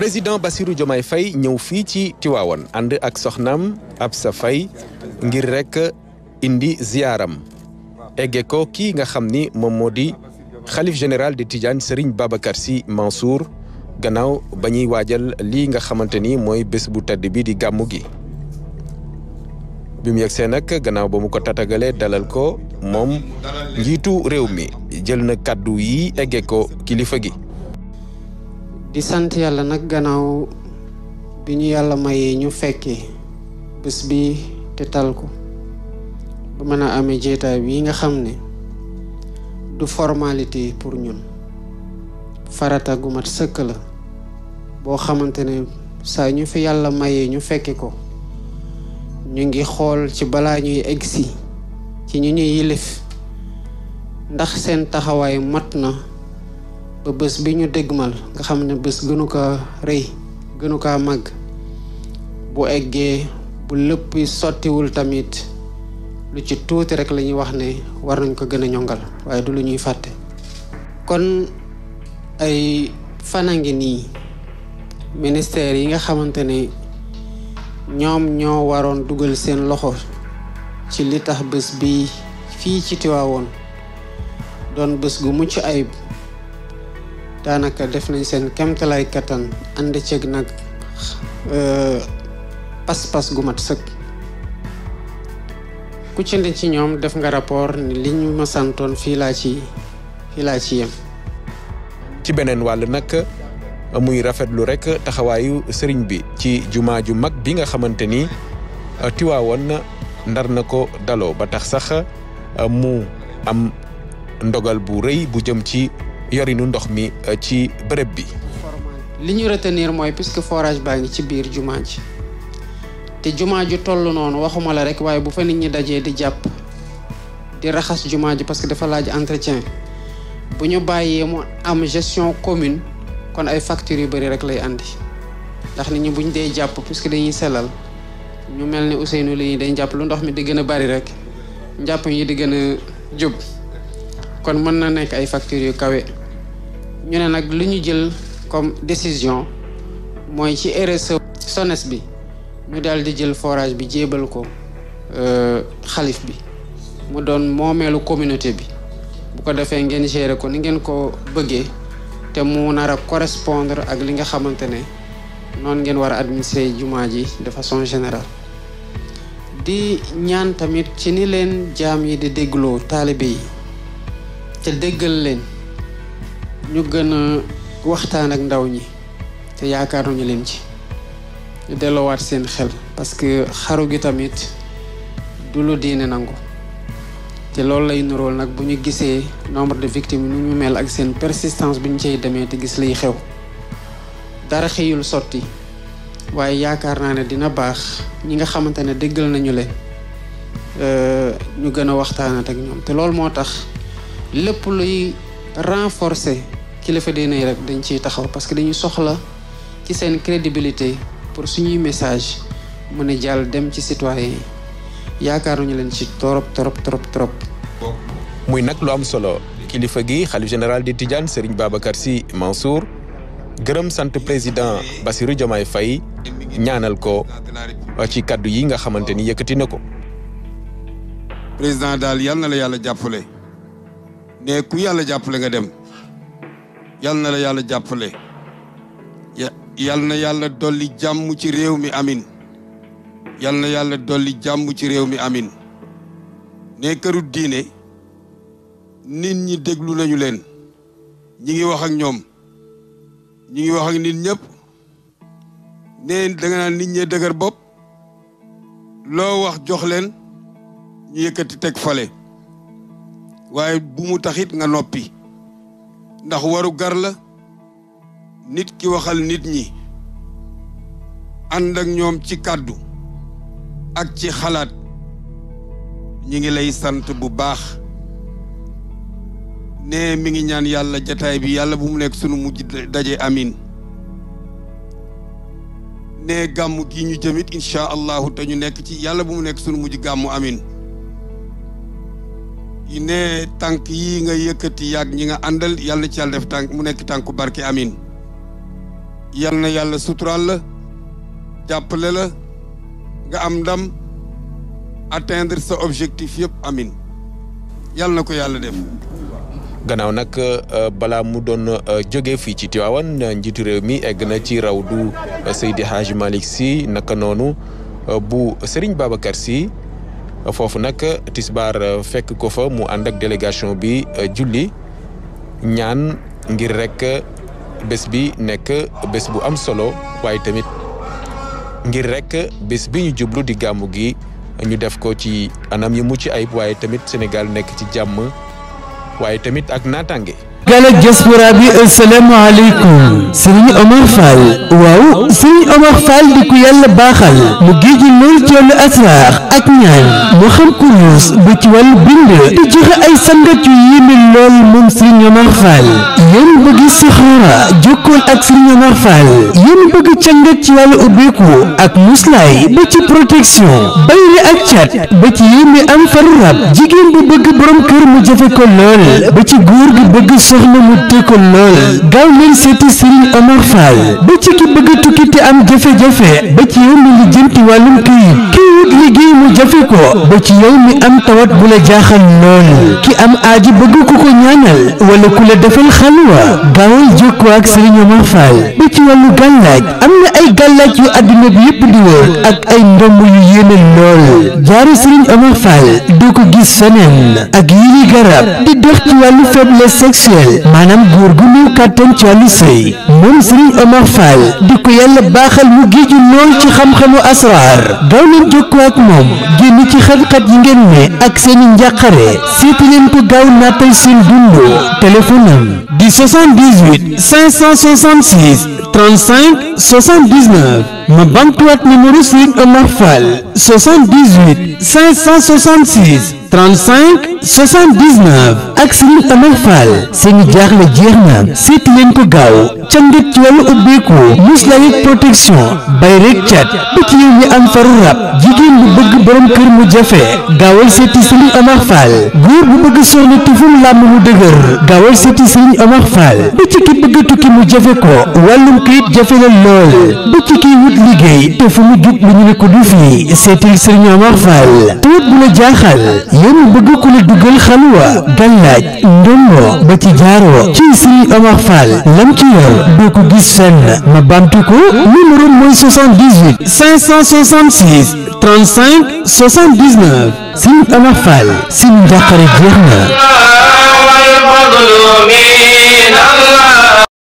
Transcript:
président Bassirou Diomaye Fay ñëw fii ci Tiwaawan ànd ak soxnaam Absa Faye ngir rek indi ziaram egge ko kii nga xam ni moom moo di xalif général de Tidiane Serigne Babacar Sy Mansour gannaaw ba ñuy waajal lii nga xamante ni mooy bu tedd bi di gàmmu gi bi mu yegsee gannaaw ba ko tatagalee dalal ko moom njiitu réew jël na kàddu yi egge kilifa gi di sant yàlla nag gannaaw bi ñu yàlla mayee ñu fekkee bés bi te tal ko ba mën a amee jeetaay bii nga xam ni du formalité pour ñun farata gu mat sëkk la boo xamante ne saa ñu fi yàlla mayee ñu fekki ko ñu ngi xool ci bala ñuy egsi ci ñu ñuy yilif ndax seen taxawaay mat na ba bés bi ñu dégmal nga xam ne bés gënu ka rëy gënu kaa mag bu eggee bu lépp sottiwul tamit lu ci tuuti rek la ñuy wax ne war nañ ko gën a ñongal waaye du lu ñuy fàtte kon ay fanangi nii ministère yi nga xamante ne ñoom ñoo waroon dugal seen loxo ci li tax bés bi fii ci Tiwaawoon doon bés gu mucc ayib daanaka def nañ seen kemtalaay kattan ànd ceeg nag euh, pas-pas gu mat sëkk ku ci ne ci ñoom def nga rapport ni li ñu ma santoon fii laa ci yem ci beneen wàll nag muy rafetlu rekk taxawaayu sëriñ bi ci jumaa ju mag bi nga xamante ni Tiwaawoon ndar na ko daloo ba tax sax mu am ndogal bu rëy bu jëm ci yorinu ndox mi euh, ci bërëb bi. li ñu retenir mooy puisque forage baa ngi ci biir jumaa ji te jumaa ju toll noonu waxuma la rek waaye bu fa nit ñi dajee di jàpp di raxas jumaa ji parce que dafa laaj entretien bu ñu bàyyee mu am gestion commune kon ay factures yu bëri rek lay andi ndax nit ñi buñ dee jàpp puisque dañuy selal ñu mel ni nu li dañ jàpp lu ndox mi di gën a bari rek njàpp yi di gën a jub kon mën na nekk ay factures yu kawe. ñu ne nag li ñu jël comme décision mooy ci RSE SONES bi ñu daal di jël forage bi jébal ko euh, xalif bi mu doon moomeelu communauté bi bu ko defee ngeen gérer ko ni ngeen ko bëggee te mu nara a correspondre ak li nga xamante ne noonu ngeen war a administrer jumaa ji de façon général di ñaan tamit ci ni leen jaam yi di dégloo taalibe yi te déggal leen ñu gën a waxtaan ak ndaw ñi te yaakaaruñu leen ci delloowaat seen xel parce que xaru gi tamit du lu diine nangu te loolu lay nurool nag bu ñu gisee nombre de victimes nu ñu mel ak seen persistance bi ñu cay demee te gis liy xew dara xëyul sotti waaye yaakaar naa ne dina baax ñi nga xamante ne déggal nañu leen euh, ñu gën a waxtaanat ak ñoom te loolu moo tax lépp luy renforcer kilifa diine yi rek dañ ciy taxaw parce que dañuy soxla ci seen crédibilité pour suñuy message mën a jàll dem ci citoyen yi yaakaaruñu leen ci torop torop torop torop muy nag lu am solo kilifa gi xalif général di tidiane serigne babacar si mansour gërëm sant président basiru jomaay fay ñaanal ko ci kaddu yi nga xamante ni yëkkati na ko président daal yal na la yàlla jàppale ne ku yàlla jàppale nga dem yal na la yàlla jàppale yal na yàlla dolli jàmm ci réew mi amin yal na yàlla dolli jàmm ci réew mi amin ne këru diine nit ñi déglu nañu leen ñi ngi wax ak ñoom ñi ngi wax ak nit ñëpp ne da nga nit ñee dëgër bopp loo wax jox leen ñu yëkkati teg fale waaye bu mu taxit nga noppi ndax waru gar la nit ki waxal nit ñi ànd ak ñoom ci kàddu ak ci xalaat ñi ngi lay sant bu baax ne mi ngi ñaan yàlla jataay bi yàlla bu mu nekk sunu mujj daje amin ne gàmm gi ñu jëmit incha allahu te ñu nekk ci yàlla bu mu nekk sunu mujj gàmmu amin ne tànk yi nga yëkkati yàgg ñi nga àndal yàlla ci yàlla def tànk mu nekk tànku barke amin yal na yàlla suturaal la jàppale la nga am ndam atteindre sa objectif yëpp amin yàlla na ko yàlla def gannaaw nag euh, balaa mu doon euh, jóge fii ci Tiwaawan njiitu réew mi egg na ci rawdu euh, Seydi Hadji Malick si naka noonu bu Serigne Babacar si foofu nag tisbaar eh, fekk ko fa mu andak delegation bi eh, julli ñaan ngir rek eh, bés bi bu am solo waaye tamit ngir rek bés bi ñu jublu di gàmmu gi ñu def ko ci anam yu mucc ayib waaye tamit Sénégal nekk ci jàmm waaye tamit ak Galak diaspora bi asalaamaaleykum Serigne Omar Fall waaw Serigne Omar Fall di ku yàlla baaxal mu géeju lool ci wàllu asraar ak ñaan moo xam kurus ba ci wàllu bind te joxe ay sangat yu yéeme lool moom Serigne Omar Fall yéen bëgg sixaara jokkool ak Serigne Omar Fall yéen bëgg cangat ci wàllu ubbeeku ak muslaay ba ci protection bayri ak cat ba ci yéeme am faru rab jigéen bu bëgg borom kër mu jafe ko lool ba ci góor gi bëgg sox soxna mu tëkkul lool gaaw leen seeti Serigne ba ci bëgg tukki te am jafe ba ci yow mi li jënti wàllum jafe ko ba ci yow mi am tawat bu la jaaxal lool ki am aaji bëgg ku ko ñaanal wala ku la defal xalwa gaawal jokkoo ak Serigne Omar Fall ba ci wàllu gàllaaj am na ay gàllaaj yu àdduna bi yëpp di wër ak ay ndomb yu yéene lool jaaru Serigne Omar Fall doo ko gis feneen ak yi garab di dox ci wàllu faiblesse sexuelle maanaam góor gu néew kàttan ci wàllu sëy moom Serigne Omar Fall di ko yàlla baaxal mu géeju lool ci xam-xamu asraar gaaw leen jokkoo ak moom génn ci xat-xat yi ngeen ne ak seeni njàqare seeti leen ko gaaw nattal seen dundu téléphone am di 78 566 35 79 ma bamtuwaat numéro Serigne Omar Fall 78 566 35 79 ak Serigne Omar Fall seeni jaaxle jeex na seeti leen ko gaaw candit ci wàllu ubbeeku muslaay ak protection bay rek cat ba ci yow mi am faru rab jigéen bu bëgg borom kër mu jafe gaawal seeti Serigne Omar Fall góor bu bëgg soxna tuful làmm mu dëgër gaawal seeti Serigne Omar Fall ba ci ki bëgg tukki mu jafe ko wàllum kayit jafe la lool ba ci kiy wut liggéey te mu jub lu ñu ne ko du fi seetil Serigne Omar Fall nit bu la jaaxal yéen bëgg ku la duggal xalwa gàllaaj ndomo ba ci ci Serigne Omar Fall lam ci yow doo ko gis fenn ma bamtu ko numéro mooy 78 566 35 79 Serigne Omar Fall seen njàqare jeex